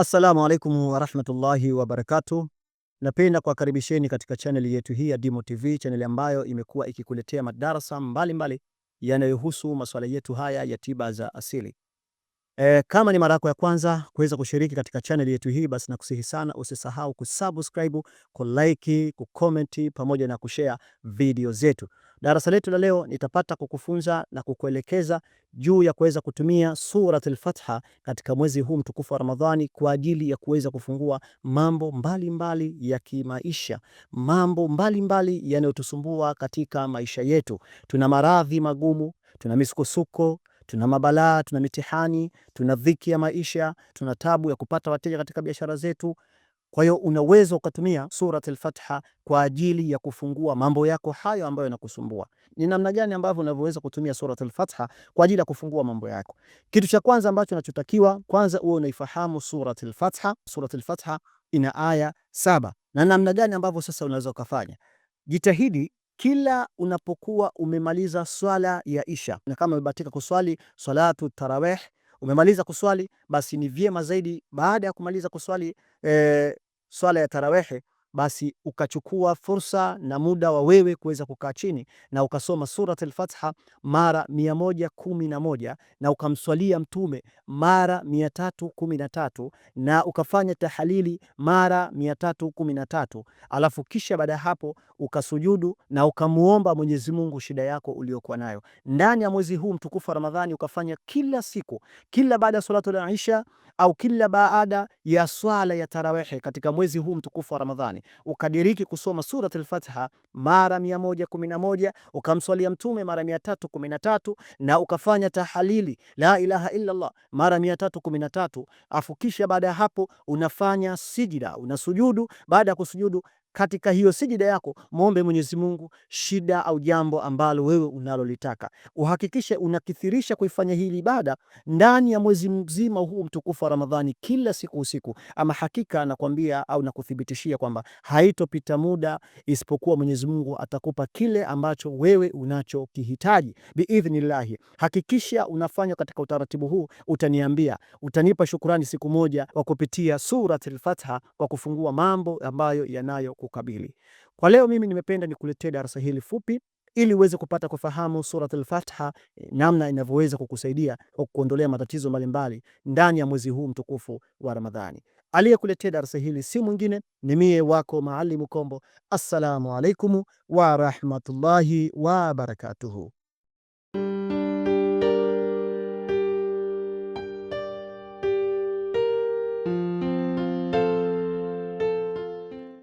Assalamu alaikum warahmatullahi wabarakatu Napenda kuwakaribisheni katika chaneli yetu hii ya Dimo TV, chaneli ambayo imekuwa ikikuletea madarasa mbalimbali yanayohusu masuala yetu haya ya tiba za asili. E, kama ni mara yako ya kwanza kuweza kushiriki katika chaneli yetu hii, basi nakusihi sana usisahau kusubscribe, kulike, kucomment pamoja na kushare video zetu. Darasa letu la leo nitapata kukufunza na kukuelekeza juu ya kuweza kutumia Suratul Fatha katika mwezi huu mtukufu wa Ramadhani kwa ajili ya kuweza kufungua mambo mbalimbali mbali ya kimaisha, mambo mbalimbali yanayotusumbua katika maisha yetu. Tuna maradhi magumu, tuna misukosuko tuna mabalaa, tuna mitihani, tuna dhiki ya maisha, tuna tabu ya kupata wateja katika biashara zetu. Kwa hiyo unaweza ukatumia Surat al-Fatiha kwa ajili ya kufungua mambo yako hayo ambayo yanakusumbua. Ni namna gani ambavyo unavyoweza kutumia Surat al-Fatiha kwa ajili ya kufungua mambo yako? Kitu cha kwanza ambacho unachotakiwa kwanza uwe unaifahamu Surat al-Fatiha. Surat al-Fatiha ina aya saba, na namna gani ambavyo sasa unaweza ukafanya, jitahidi kila unapokuwa umemaliza swala ya Isha na kama umebatika kuswali salatu tarawih Umemaliza kuswali, basi ni vyema zaidi baada ya kumaliza kuswali e, swala ya tarawehe basi ukachukua fursa na muda wa wewe kuweza kukaa chini na ukasoma Surat al-Fatiha mara 111 na ukamswalia Mtume mara 313 na ukafanya tahalili mara 313, alafu kisha baada ya hapo ukasujudu na ukamuomba Mwenyezi Mungu shida yako uliyokuwa nayo ndani ya mwezi huu mtukufu wa Ramadhani. Ukafanya kila siku, kila baada ya salatu la isha au kila baada ya swala ya tarawehe katika mwezi huu mtukufu wa Ramadhani. Qur'ani, ukadiriki kusoma surat moja kumi mara 111, ukamswalia mtume mara 313, na ukafanya tahalili la ilaha tatu kumi mara 313, afu kisha baada ya hapo unafanya sijida, unasujudu. Baada ya kusujudu katika hiyo sijida yako mwombe Mwenyezi Mungu shida au jambo ambalo wewe unalolitaka. Uhakikishe unakithirisha kuifanya hii ibada ndani ya mwezi mzima huu mtukufu wa Ramadhani, kila siku usiku. Ama hakika nakwambia au nakuthibitishia kwamba haitopita muda isipokuwa Mwenyezi Mungu atakupa kile ambacho wewe unachokihitaji biidhnillahi. Hakikisha unafanya katika utaratibu huu, utaniambia, utanipa shukurani siku moja wa kupitia Suratul Fatiha kwa kufungua mambo ambayo yanayo kukabili. Kwa leo mimi nimependa nikuletee darasa hili fupi ili uweze kupata kufahamu Surat al-Fatiha eh, namna inavyoweza kukusaidia kwa kuondolea matatizo mbalimbali ndani ya mwezi huu mtukufu wa Ramadhani. Aliyekuletea darasa hili si mwingine ni mie wako Maalimu Kombo. Assalamu alaikum wa rahmatullahi wa barakatuhu.